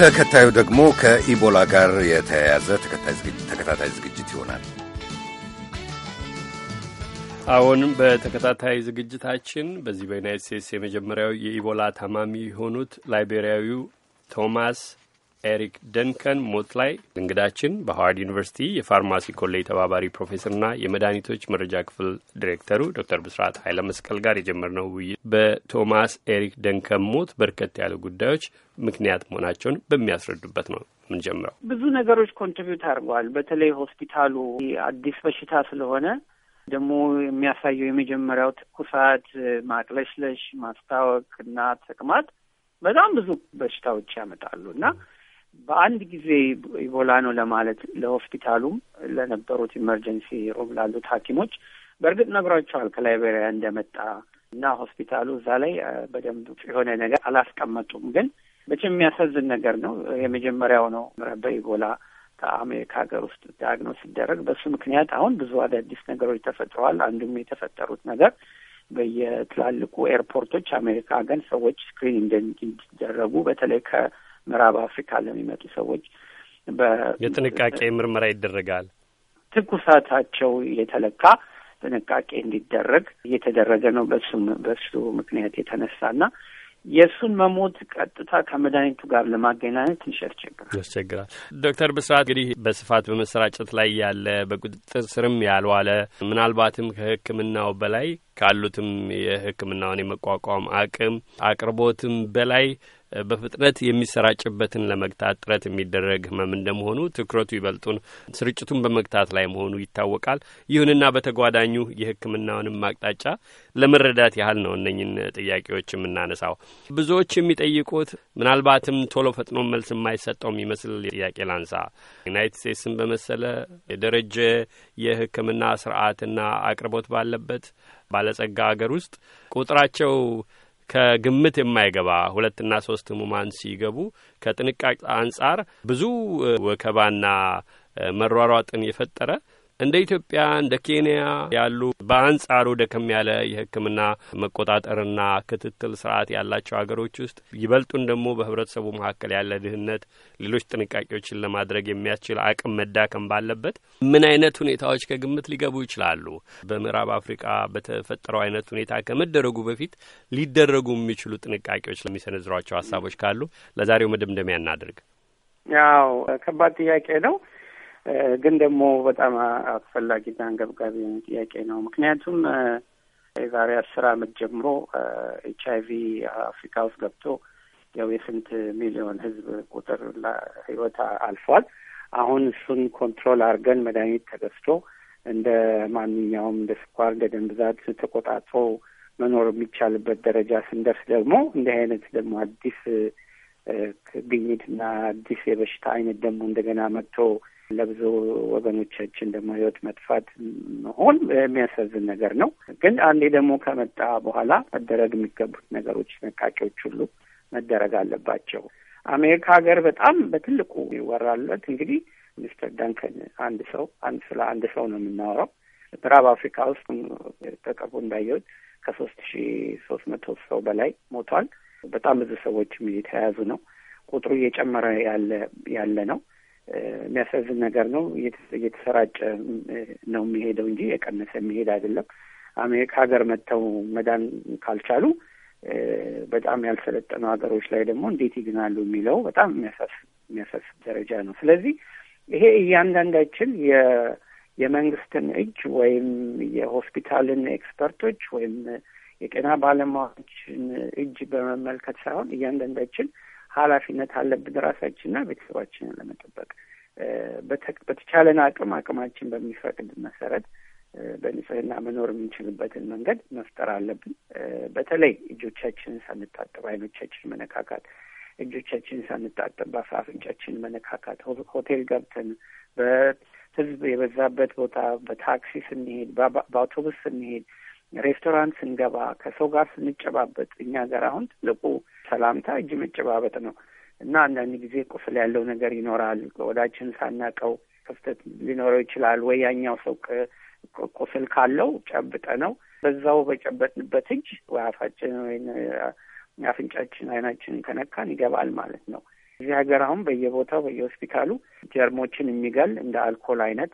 ተከታዩ ደግሞ ከኢቦላ ጋር የተያያዘ ተከታታይ ዝግጅት ይሆናል። አሁን በተከታታይ ዝግጅታችን በዚህ በዩናይት ስቴትስ የመጀመሪያው የኢቦላ ታማሚ የሆኑት ላይቤሪያዊው ቶማስ ኤሪክ ደንከን ሞት ላይ እንግዳችን በሀዋርድ ዩኒቨርሲቲ የፋርማሲ ኮሌጅ ተባባሪ ፕሮፌሰርና የመድኃኒቶች መረጃ ክፍል ዲሬክተሩ ዶክተር ብስራት ኃይለ መስቀል ጋር የጀመርነው ውይይት በቶማስ ኤሪክ ደንከን ሞት በርከት ያሉ ጉዳዮች ምክንያት መሆናቸውን በሚያስረዱበት ነው የምንጀምረው። ብዙ ነገሮች ኮንትሪቢዩት አድርገዋል። በተለይ ሆስፒታሉ አዲስ በሽታ ስለሆነ ደግሞ የሚያሳየው የመጀመሪያው ትኩሳት፣ ማቅለሽለሽ፣ ማስታወክ እና ተቅማጥ በጣም ብዙ በሽታዎች ያመጣሉ እና በአንድ ጊዜ ኢቦላ ነው ለማለት ለሆስፒታሉም ለነበሩት ኢመርጀንሲ ሩም ላሉት ሐኪሞች በእርግጥ ነግሯቸዋል ከላይቤሪያ እንደመጣ እና ሆስፒታሉ እዛ ላይ በደንብ የሆነ ነገር አላስቀመጡም። ግን መቼም የሚያሳዝን ነገር ነው። የመጀመሪያው ነው ኢቦላ ከአሜሪካ ሀገር ውስጥ ዳግኖ ሲደረግ በሱ ምክንያት አሁን ብዙ አዳዲስ ነገሮች ተፈጥረዋል። አንዱም የተፈጠሩት ነገር በየትላልቁ ኤርፖርቶች አሜሪካ ሀገር ሰዎች ስክሪን እንደሚደረጉ በተለይ ከ- ምዕራብ አፍሪካ ለሚመጡ ሰዎች የጥንቃቄ ምርመራ ይደረጋል። ትኩሳታቸው የተለካ ጥንቃቄ እንዲደረግ እየተደረገ ነው። በሱም በሱ ምክንያት ና የእሱን መሞት ቀጥታ ከመድኃኒቱ ጋር ለማገናኘት ትንሽ ያስቸግራል ያስቸግራል። ዶክተር ብስራት እንግዲህ በስፋት በመሰራጨት ላይ ያለ በቁጥጥር ስርም ያልዋለ ምናልባትም ከሕክምናው በላይ ካሉትም የሕክምናውን የመቋቋም አቅም አቅርቦትም በላይ በፍጥነት የሚሰራጭበትን ለመግታት ጥረት የሚደረግ ህመም እንደመሆኑ ትኩረቱ ይበልጡን ስርጭቱን በመግታት ላይ መሆኑ ይታወቃል። ይሁንና በተጓዳኙ የህክምናውንም አቅጣጫ ለመረዳት ያህል ነው እነኝን ጥያቄዎች የምናነሳው። ብዙዎች የሚጠይቁት ምናልባትም ቶሎ ፈጥኖ መልስ የማይሰጠው የሚመስል ጥያቄ ላንሳ። ዩናይትድ ስቴትስን በመሰለ የደረጀ የህክምና ስርዓትና አቅርቦት ባለበት ባለጸጋ አገር ውስጥ ቁጥራቸው ከግምት የማይገባ ሁለትና ሶስት ህሙማን ሲገቡ ከጥንቃቄ አንጻር ብዙ ወከባና መሯሯጥን የፈጠረ እንደ ኢትዮጵያ እንደ ኬንያ ያሉ በአንጻሩ ደከም ያለ የሕክምና መቆጣጠርና ክትትል ስርዓት ያላቸው ሀገሮች ውስጥ ይበልጡን ደግሞ በህብረተሰቡ መካከል ያለ ድህነት ሌሎች ጥንቃቄዎችን ለማድረግ የሚያስችል አቅም መዳከም ባለበት ምን አይነት ሁኔታዎች ከግምት ሊገቡ ይችላሉ? በምዕራብ አፍሪቃ በተፈጠረው አይነት ሁኔታ ከመደረጉ በፊት ሊደረጉ የሚችሉ ጥንቃቄዎች ለሚሰነዝሯቸው ሀሳቦች ካሉ ለዛሬው መደምደሚያ እናድርግ። ያው ከባድ ጥያቄ ነው። ግን ደግሞ በጣም አስፈላጊና አንገብጋቢ ጥያቄ ነው። ምክንያቱም የዛሬ አስር አመት ጀምሮ ኤች አይቪ አፍሪካ ውስጥ ገብቶ ያው የስንት ሚሊዮን ህዝብ ቁጥር ህይወት አልፏል። አሁን እሱን ኮንትሮል አድርገን መድኃኒት ተገዝቶ እንደ ማንኛውም እንደ ስኳር፣ እንደ ደም ብዛት ተቆጣጥሮ መኖር የሚቻልበት ደረጃ ስንደርስ ደግሞ እንዲህ አይነት ደግሞ አዲስ ግኝትና አዲስ የበሽታ አይነት ደግሞ እንደገና መጥቶ ለብዙ ወገኖቻችን ደግሞ ህይወት መጥፋት መሆን የሚያሳዝን ነገር ነው። ግን አንዴ ደግሞ ከመጣ በኋላ መደረግ የሚገቡት ነገሮች ጥንቃቄዎች ሁሉ መደረግ አለባቸው። አሜሪካ ሀገር በጣም በትልቁ ይወራለት እንግዲህ ሚስተር ዳንከን አንድ ሰው አንድ ስለ አንድ ሰው ነው የምናወራው። ምዕራብ አፍሪካ ውስጥ ተቀቡ እንዳየሁት ከሶስት ሺ ሶስት መቶ ሰው በላይ ሞቷል። በጣም ብዙ ሰዎችም የተያያዙ ነው። ቁጥሩ እየጨመረ ያለ ያለ ነው። የሚያሳዝን ነገር ነው። እየተሰራጨ ነው የሚሄደው እንጂ የቀነሰ የሚሄድ አይደለም። አሜሪካ ሀገር መጥተው መዳን ካልቻሉ በጣም ያልሰለጠኑ ሀገሮች ላይ ደግሞ እንዴት ይግናሉ የሚለው በጣም የሚያሳስብ ደረጃ ነው። ስለዚህ ይሄ እያንዳንዳችን የመንግስትን እጅ ወይም የሆስፒታልን ኤክስፐርቶች ወይም የጤና ባለሙያዎችን እጅ በመመልከት ሳይሆን እያንዳንዳችን ኃላፊነት አለብን ራሳችንና ቤተሰባችንን ለመጠበቅ በተቻለን አቅም አቅማችን በሚፈቅድ መሰረት በንጽህና መኖር የምንችልበትን መንገድ መፍጠር አለብን። በተለይ እጆቻችንን ሳንታጠብ አይኖቻችን መነካካት፣ እጆቻችንን ሳንታጠብ በአፍንጫችን መነካካት፣ ሆቴል ገብተን፣ በህዝብ የበዛበት ቦታ፣ በታክሲ ስንሄድ፣ በአውቶቡስ ስንሄድ ሬስቶራንት ስንገባ ከሰው ጋር ስንጨባበጥ እኛ ጋር አሁን ትልቁ ሰላምታ እጅ መጨባበጥ ነው እና አንዳንድ ጊዜ ቁስል ያለው ነገር ይኖራል። ወዳችን ሳናቀው ክፍተት ሊኖረው ይችላል። ወይ ያኛው ሰው ቁስል ካለው ጨብጠ ነው በዛው በጨበጥንበት እጅ ወይ አፋችን ወይ አፍንጫችን፣ አይናችን ከነካን ይገባል ማለት ነው። እዚህ ሀገር አሁን በየቦታው በየሆስፒታሉ ጀርሞችን የሚገል እንደ አልኮል አይነት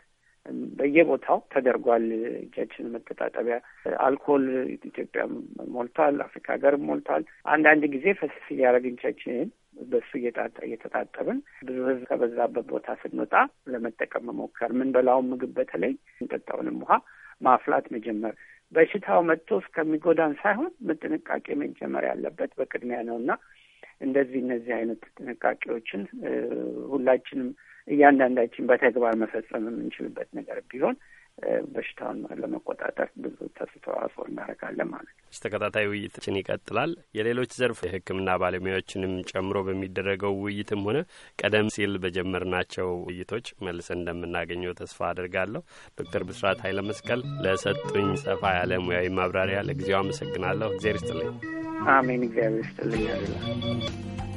በየቦታው ተደርጓል። እጃችን መተጣጠቢያ አልኮል ኢትዮጵያ ሞልቷል፣ አፍሪካ ሀገር ሞልቷል። አንዳንድ ጊዜ ፈስስ እያደረግን እጃችንን በሱ እየተጣጠብን ብዙ ህዝብ ከበዛበት ቦታ ስንወጣ ለመጠቀም መሞከር፣ በላውን ምግብ በተለይ እንጠጣውንም ውሃ ማፍላት መጀመር በሽታው መጥቶ እስከሚጎዳን ሳይሆን ጥንቃቄ መጀመር ያለበት በቅድሚያ ነው እና እንደዚህ እነዚህ አይነት ጥንቃቄዎችን ሁላችንም እያንዳንዳችን በተግባር መፈጸም የምንችልበት ነገር ቢሆን በሽታውን ለመቆጣጠር ብዙ ተስተዋጽኦ እናደርጋለን ማለት ነው። ተከታታይ ውይይታችን ይቀጥላል። የሌሎች ዘርፍ የሕክምና ባለሙያዎችንም ጨምሮ በሚደረገው ውይይትም ሆነ ቀደም ሲል በጀመርናቸው ውይይቶች መልሰን እንደምናገኘው ተስፋ አድርጋለሁ። ዶክተር ብስራት ኃይለ መስቀል ለሰጡኝ ሰፋ ያለ ሙያዊ ማብራሪያ ለጊዜው አመሰግናለሁ። እግዜር ይስጥልኝ። አሜን። እግዚአብሔር ይስጥልኝ።